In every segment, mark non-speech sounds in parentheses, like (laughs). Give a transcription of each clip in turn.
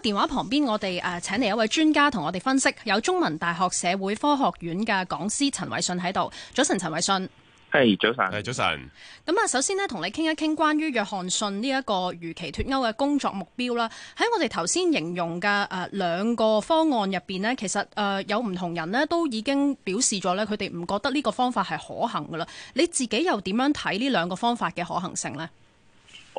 電話旁邊，我哋誒請嚟一位專家同我哋分析，有中文大學社會科學院嘅講師陳偉信喺度。早晨，陳偉信，係、hey, 早晨，係早晨。咁啊，首先呢，同你傾一傾關於約翰遜呢一個如期脱歐嘅工作目標啦。喺我哋頭先形容嘅誒兩個方案入邊呢，其實誒、呃、有唔同人呢都已經表示咗咧，佢哋唔覺得呢個方法係可行噶啦。你自己又點樣睇呢兩個方法嘅可行性呢？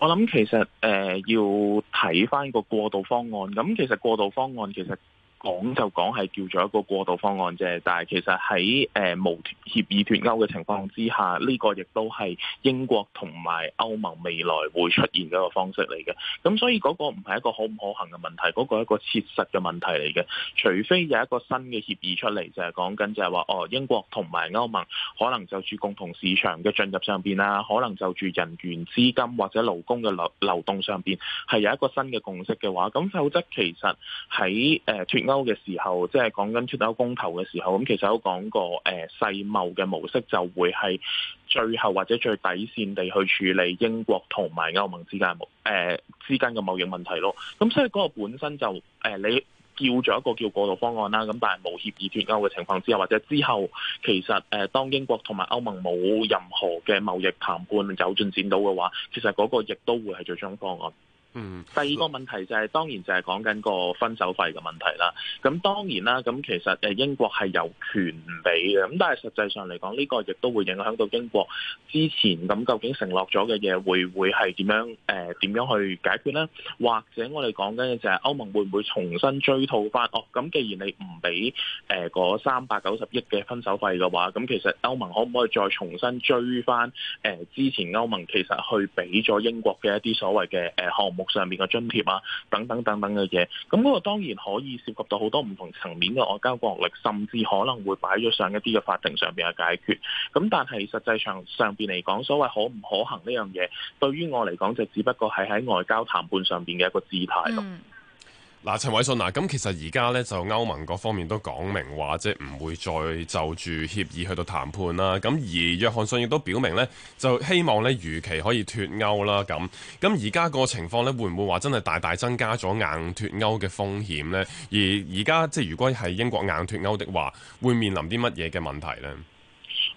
我諗其實誒、呃，要睇翻個過渡方案。咁其實過渡方案其實。講就講係叫做一個過渡方案啫，但係其實喺誒無協議脫歐嘅情況之下，呢個亦都係英國同埋歐盟未來會出現嘅一個方式嚟嘅。咁所以嗰個唔係一個可唔可行嘅問題，嗰個係一個切實嘅問題嚟嘅。除非有一個新嘅協議出嚟，就係講緊就係話哦，英國同埋歐盟可能就住共同市場嘅進入上邊啦，可能就住人員、資金或者勞工嘅流流動上邊係有一個新嘅共識嘅話，咁否則其實喺誒脫歐嘅時候，即係講緊脱歐公投嘅時候，咁其實都講過，誒世貿嘅模式就會係最後或者最底線地去處理英國同埋歐盟之間，誒之間嘅貿易問題咯。咁所以嗰個本身就，誒你叫咗一個叫過渡方案啦。咁但係無協議脱歐嘅情況之下，或者之後，其實誒當英國同埋歐盟冇任何嘅貿易談判走進展到嘅話，其實嗰個亦都會係最終方案。嗯，嗯，第二個問題就係、是、當然就係講緊個分手費嘅問題啦。咁當然啦，咁其實誒英國係有權唔俾嘅，咁但係實際上嚟講呢個亦都會影響到英國之前咁究竟承諾咗嘅嘢會唔會係點樣誒點、呃、樣去解決咧？或者我哋講緊嘅就係歐盟會唔會重新追討翻？哦，咁既然你唔俾誒嗰三百九十億嘅分手費嘅話，咁其實歐盟可唔可以再重新追翻誒、呃、之前歐盟其實去俾咗英國嘅一啲所謂嘅誒項目。目上面嘅津貼啊，等等等等嘅嘢，咁嗰個當然可以涉及到好多唔同層面嘅外交國力，甚至可能會擺咗上一啲嘅法庭上面嘅解決。咁但係實際上上面嚟講，所謂可唔可行呢樣嘢，對於我嚟講就只不過係喺外交談判上面嘅一個姿態咯。嗯嗱，陳偉信啊，咁其實而家咧就歐盟各方面都講明話，即係唔會再就住協議去到談判啦。咁而約翰遜亦都表明咧，就希望咧如期可以脫歐啦。咁咁而家個情況咧，會唔會話真係大大增加咗硬脫歐嘅風險咧？而而家即係如果係英國硬脫歐的話，會面臨啲乜嘢嘅問題咧？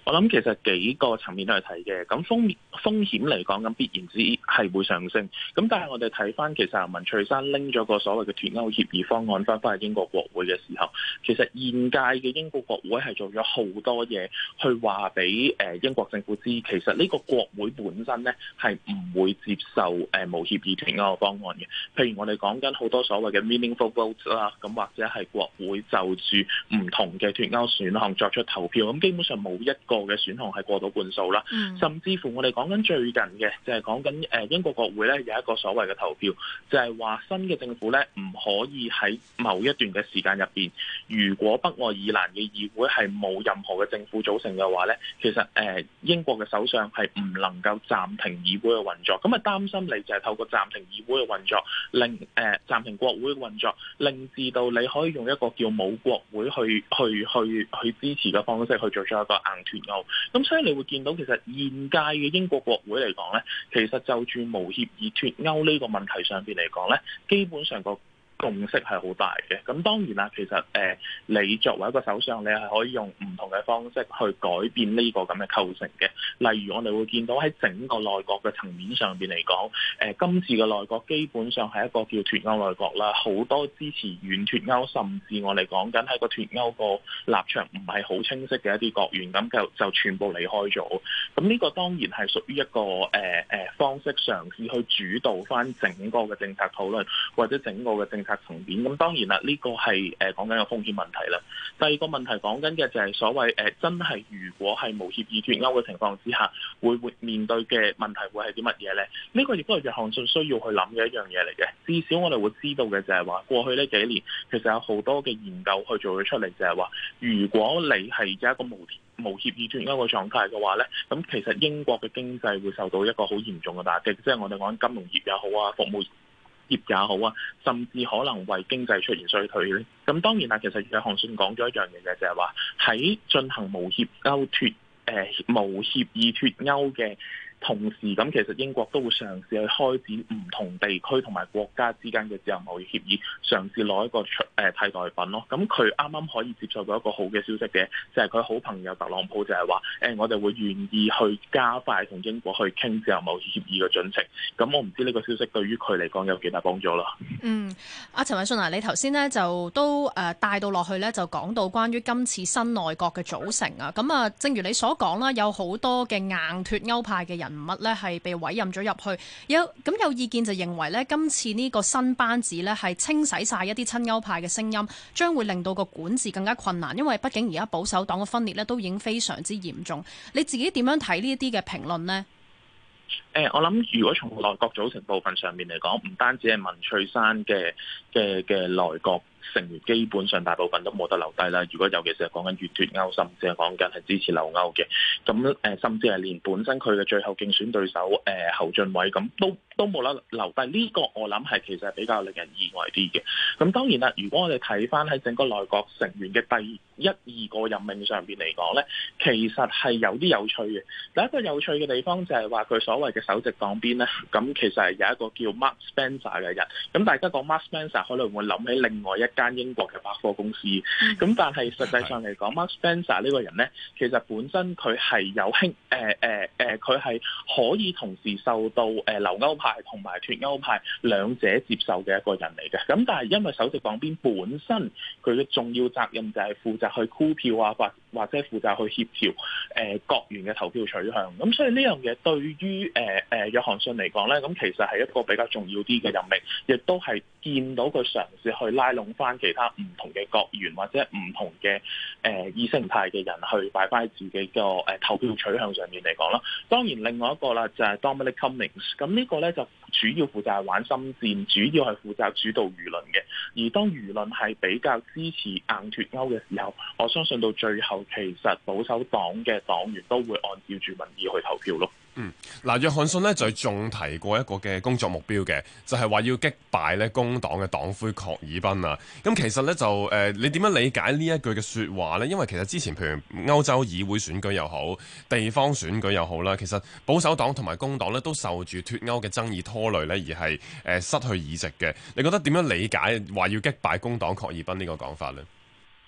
我諗其實幾個層面都係睇嘅，咁風風險嚟講，咁必然之係會上升，咁但係我哋睇翻，其實阿文翠珊拎咗個所謂嘅脫歐協議方案翻翻去英國國會嘅時候，其實現屆嘅英國國會係做咗好多嘢去話俾誒英國政府知，其實呢個國會本身咧係唔會接受誒無協議脫歐嘅方案嘅。譬如我哋講緊好多所謂嘅 meaningful votes 啦，咁或者係國會就住唔同嘅脫歐選項作出投票，咁基本上冇一個嘅選項係過到半數啦，嗯、甚至乎我哋講緊最近嘅就係講緊誒英國國會咧有一個所謂嘅投票，就係、是、話新嘅政府咧唔可以喺某一段嘅時間入邊，如果北愛爾蘭嘅議會係冇任何嘅政府組成嘅話咧，其實誒英國嘅首相係唔能夠暫停議會嘅運作，咁啊擔心你就係透過暫停議會嘅運作，令誒、呃、暫停國會嘅運作，令至到你可以用一個叫冇國會去去去去支持嘅方式去做咗一個硬脫。咁、嗯、所以你會見到其實現屆嘅英國國會嚟講咧，其實就住無協議脱歐呢個問題上邊嚟講咧，基本上個。共識係好大嘅，咁當然啦，其實誒、呃，你作為一個首相，你係可以用唔同嘅方式去改變呢個咁嘅構成嘅。例如，我哋會見到喺整個內閣嘅層面上面嚟講，誒、呃、今次嘅內閣基本上係一個叫脱歐內閣啦，好多支持軟脱歐，甚至我哋講緊喺個脱歐個立場唔係好清晰嘅一啲國員，咁就就全部離開咗。咁呢個當然係屬於一個誒、呃呃、方式嘗試去主導翻整個嘅政策討論或者整個嘅政策。層面，咁當然啦，呢、這個係誒講緊個風險問題啦。第二個問題講緊嘅就係所謂誒、呃、真係如果係無協議脱歐嘅情況之下，會會面對嘅問題會係啲乜嘢咧？呢、這個亦都係約翰遜需要去諗嘅一樣嘢嚟嘅。至少我哋會知道嘅就係話，過去呢幾年其實有好多嘅研究去做咗出嚟，就係話，如果你係而家一個無無協議脱歐嘅狀態嘅話咧，咁其實英國嘅經濟會受到一個好嚴重嘅打擊，即係我哋講金融業又好啊，服務業也好。業也好啊，甚至可能為經濟出現衰退咧。咁當然啦，其實楊航信講咗一樣嘢嘅，就係話喺進行無協交脫誒，無協議脫歐嘅。同時咁，其實英國都會嘗試去開展唔同地區同埋國家之間嘅自由貿易協議，嘗試攞一個誒替代品咯。咁佢啱啱可以接受到一個好嘅消息嘅，就係、是、佢好朋友特朗普就係話：誒，我哋會願意去加快同英國去傾自由貿易協議嘅進程。」咁我唔知呢個消息對於佢嚟講有幾大幫助啦。嗯，阿、啊、陳偉信啊，你頭先呢就都誒帶到落去呢，就講到關於今次新內閣嘅組成啊。咁啊，正如你所講啦，有好多嘅硬脫歐派嘅人。物咧係被委任咗入去，有咁有意見就認為咧今次呢個新班子咧係清洗晒一啲親歐派嘅聲音，將會令到個管治更加困難，因為畢竟而家保守黨嘅分裂咧都已經非常之嚴重。你自己點樣睇呢一啲嘅評論呢？誒、呃，我諗如果從內閣組成部分上面嚟講，唔單止係文翠山嘅嘅嘅內閣。的的成員基本上大部分都冇得留低啦。如果尤其是係講緊越脫歐，甚至係講緊係支持留勾嘅。咁甚至係連本身佢嘅最後競選對手侯俊偉咁都。都冇啦，留低呢、呢個，我諗係其實係比較令人意外啲嘅。咁當然啦，如果我哋睇翻喺整個內閣成員嘅第一二個任命上邊嚟講咧，其實係有啲有趣嘅。第一個有趣嘅地方就係話佢所謂嘅首席黨鞭咧，咁其實係有一個叫 Mark Spencer 嘅人。咁大家講 Mark Spencer 可能會諗起另外一間英國嘅百貨公司。咁但係實際上嚟講 (laughs) ，Mark Spencer 呢個人咧，其實本身佢係有興誒誒誒，佢、呃、係、呃呃、可以同時受到誒、呃、留歐派。同埋脫歐派兩者接受嘅一個人嚟嘅，咁但係因為首席黨鞭本身佢嘅重要責任就係負責去箍票啊，或或者負責去協調誒、呃、國員嘅投票取向，咁所以呢樣嘢對於誒誒、呃、約翰遜嚟講咧，咁其實係一個比較重要啲嘅任命，亦都係見到佢嘗試去拉攏翻其他唔同嘅國員或者唔同嘅誒意識形態嘅人去擺翻喺自己個誒、呃、投票取向上面嚟講啦。當然另外一個啦就係 Dominic Cummings，咁呢個咧就主要負責玩心戰，主要係負責主導輿論嘅。而當輿論係比較支持硬脫歐嘅時候，我相信到最後。其實保守黨嘅黨員都會按照住民意去投票咯。嗯，嗱，約翰遜咧就仲提過一個嘅工作目標嘅，就係、是、話要擊敗咧工黨嘅黨魁郝爾彬啊。咁、嗯、其實呢，就誒、呃，你點樣理解呢一句嘅説話呢？因為其實之前譬如歐洲議會選舉又好，地方選舉又好啦，其實保守黨同埋工黨咧都受住脫歐嘅爭議拖累咧，而係誒失去議席嘅。你覺得點樣理解話要擊敗工黨郝爾彬呢個講法呢？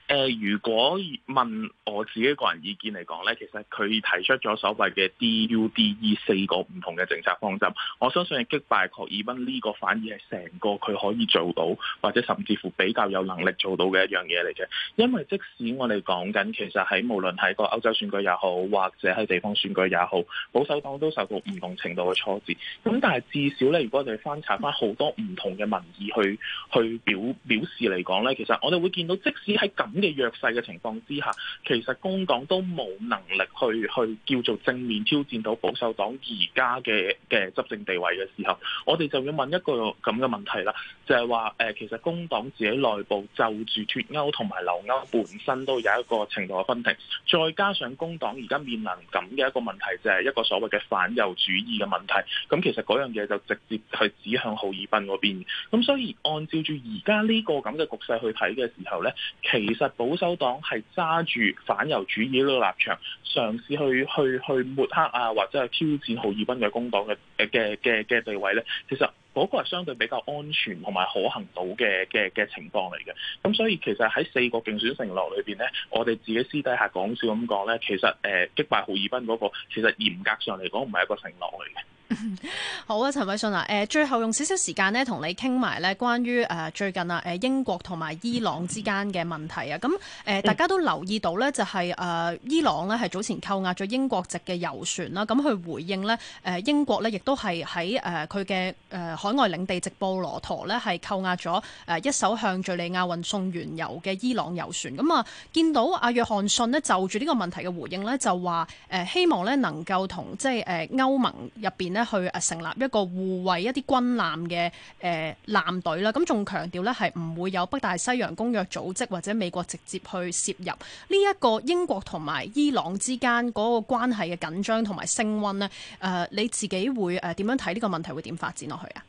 誒、呃，如果問我自己個人意見嚟講呢，其實佢提出咗所謂嘅 D.U.D.E 四個唔同嘅政策方針，我相信係擊敗郝爾賓呢個，反而係成個佢可以做到，或者甚至乎比較有能力做到嘅一樣嘢嚟嘅。因為即使我哋講緊，其實喺無論喺個歐洲選舉也好，或者喺地方選舉也好，保守黨都受到唔同程度嘅挫折。咁但係至少呢，如果我哋翻查翻好多唔同嘅民意去去表表示嚟講呢，其實我哋會見到，即使喺近咁嘅弱勢嘅情況之下，其實工黨都冇能力去去叫做正面挑戰到保守黨而家嘅嘅執政地位嘅時候，我哋就要問一個咁嘅問題啦，就係話誒，其實工黨自己內部就住脱歐同埋留歐本身都有一個程度嘅分歧，再加上工黨而家面臨咁嘅一個問題，就係、是、一個所謂嘅反右主義嘅問題，咁其實嗰樣嘢就直接去指向郝爾彬嗰邊。咁所以按照住而家呢個咁嘅局勢去睇嘅時候咧，其實。保守黨係揸住反猶主義呢個立場，嘗試去去去抹黑啊，或者係挑戰豪爾濱嘅工黨嘅嘅嘅嘅地位咧。其實嗰個係相對比較安全同埋可行到嘅嘅嘅情況嚟嘅。咁所以其實喺四個競選承諾裏邊咧，我哋自己私底下講笑咁講咧，其實誒擊敗豪爾濱嗰個，其實嚴格上嚟講唔係一個承諾嚟嘅。 (laughs) 好啊，陳偉信啊，誒，最後用少少時間呢，同你傾埋呢，關於誒最近啊，誒英國同埋伊朗之間嘅問題啊，咁誒 (laughs) 大家都留意到呢，就係誒伊朗呢，係早前扣押咗英國籍嘅油船啦，咁去回應呢，誒英國呢，亦都係喺誒佢嘅誒海外領地直布羅陀呢，係扣押咗誒一艘向敘利亞運送原油嘅伊朗油船，咁啊見到阿約翰遜呢，就住呢個問題嘅回應呢，就話誒希望呢，能夠同即係誒歐盟入邊咧。去成立一個護衛一啲軍艦嘅誒艦隊啦，咁仲強調呢係唔會有北大西洋公約組織或者美國直接去涉入呢一個英國同埋伊朗之間嗰個關係嘅緊張同埋升溫呢。誒、呃，你自己會誒點、呃、樣睇呢個問題會點發展落去啊？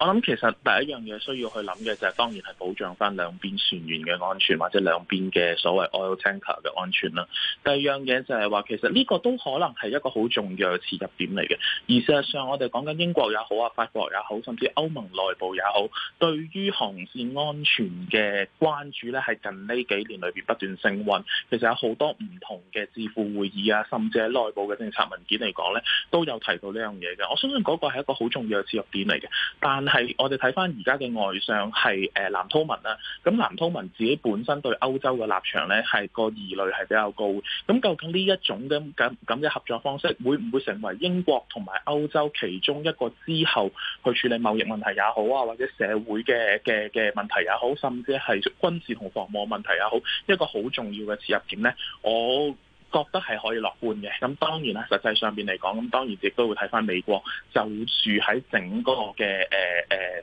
我諗其實第一樣嘢需要去諗嘅就係當然係保障翻兩邊船員嘅安全或者兩邊嘅所謂 oil tanker 嘅安全啦。第二樣嘢就係話其實呢個都可能係一個好重要嘅切入點嚟嘅。而事實上我哋講緊英國也好啊、法國也好，甚至歐盟內部也好，對於航線安全嘅關注咧係近呢幾年裏面不斷升溫。其實有好多唔同嘅智庫會議啊，甚至係內部嘅政策文件嚟講咧，都有提到呢樣嘢嘅。我相信嗰個係一個好重要嘅切入點嚟嘅，但係，但是我哋睇翻而家嘅外相係誒藍韜文啦，咁藍韜文自己本身對歐洲嘅立場咧係個疑慮係比較高的，咁究竟呢一種咁咁咁嘅合作方式，會唔會成為英國同埋歐洲其中一個之後去處理貿易問題也好啊，或者社會嘅嘅嘅問題也好，甚至係軍事同防務問題也好，一個好重要嘅切入點咧？我覺得係可以樂觀嘅，咁當然啦，實際上邊嚟講，咁當然亦都會睇翻美國就住喺整個嘅誒誒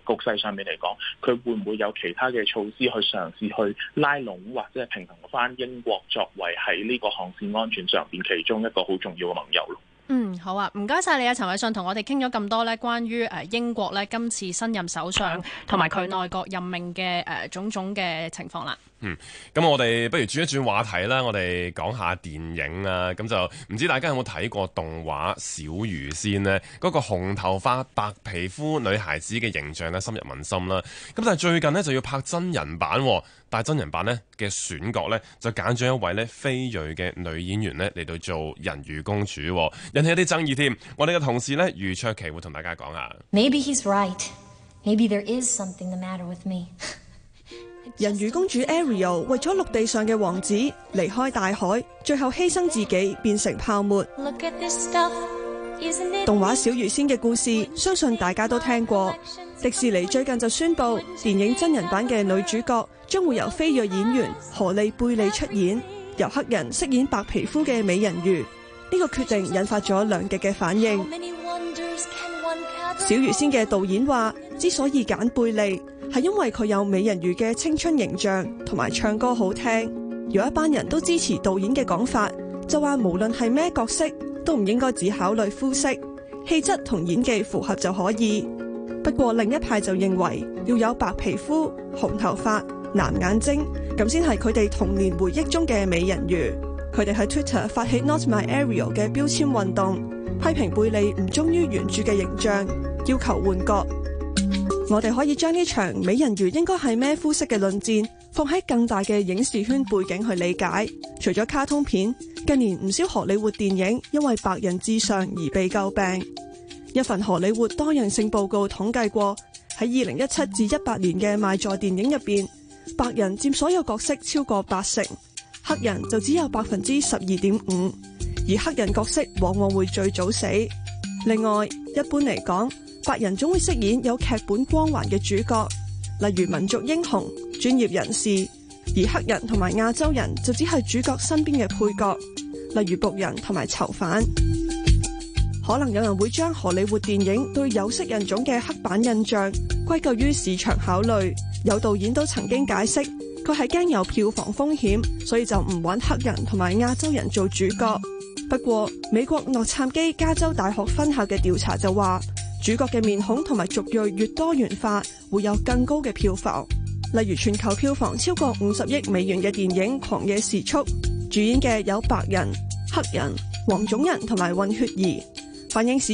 局勢上面嚟講，佢會唔會有其他嘅措施去嘗試去拉攏或者係平衡翻英國作為喺呢個航線安全上邊其中一個好重要嘅盟友咯。嗯，好啊，唔該晒你啊，陳偉信，同我哋傾咗咁多咧，關於誒英國咧今次新任首相同埋佢內閣任命嘅誒種種嘅情況啦。嗯，咁我哋不如轉一轉話題啦，我哋講下電影啦，啊。咁就唔知大家有冇睇過動畫《小魚仙》呢？嗰、那個紅頭髮、白皮膚女孩子嘅形象咧，深入民心啦。咁但係最近呢，就要拍真人版，哦，但係真人版呢嘅選角呢，就揀咗一位呢非裔嘅女演員呢嚟到做人魚公主，哦，引起一啲爭議添。我哋嘅同事呢，余卓琪會同大家講下。人魚公主 Ariel 為咗陸地上嘅王子離開大海，最後犧牲自己變成泡沫。動畫《小魚仙》嘅故事，相信大家都聽過。迪士尼最近就宣布，電影真人版嘅女主角將會由非裔演員荷莉貝利出演，由黑人飾演白皮膚嘅美人魚。呢個決定引發咗兩極嘅反應。小魚仙嘅導演話，之所以揀貝利，係因為佢有美人魚嘅青春形象同埋唱歌好聽。有一班人都支持導演嘅講法，就話無論係咩角色都唔應該只考慮膚色、氣質同演技符合就可以。不過另一派就認為要有白皮膚、紅頭髮、藍眼睛咁先係佢哋童年回憶中嘅美人魚。佢哋喺 Twitter 發起 Not My Ariel 嘅標籤運動，批評貝利唔忠於原著嘅形象，要求換角。我哋可以將呢場美人魚應該係咩膚色嘅論戰放喺更大嘅影視圈背景去理解。除咗卡通片，近年唔少荷里活電影因為白人至上而被詬病。一份荷里活多樣性報告統計過，喺二零一七至一八年嘅賣座電影入邊，白人佔所有角色超過八成，黑人就只有百分之十二點五，而黑人角色往往會最早死。另外，一般嚟講，白人總會飾演有劇本光環嘅主角，例如民族英雄、專業人士；而黑人同埋亞洲人就只係主角身邊嘅配角，例如僕人同埋囚犯。可能有人會將荷里活電影對有色人種嘅黑板印象歸咎於市場考慮。有導演都曾經解釋，佢係驚有票房風險，所以就唔搵黑人同埋亞洲人做主角。不過，美國洛杉磯加州大學分校嘅調查就話，主角嘅面孔同埋族裔越多元化，會有更高嘅票房。例如全球票房超過五十億美元嘅電影《狂野時速》，主演嘅有白人、黑人、黃種人同埋混血兒，反映市場。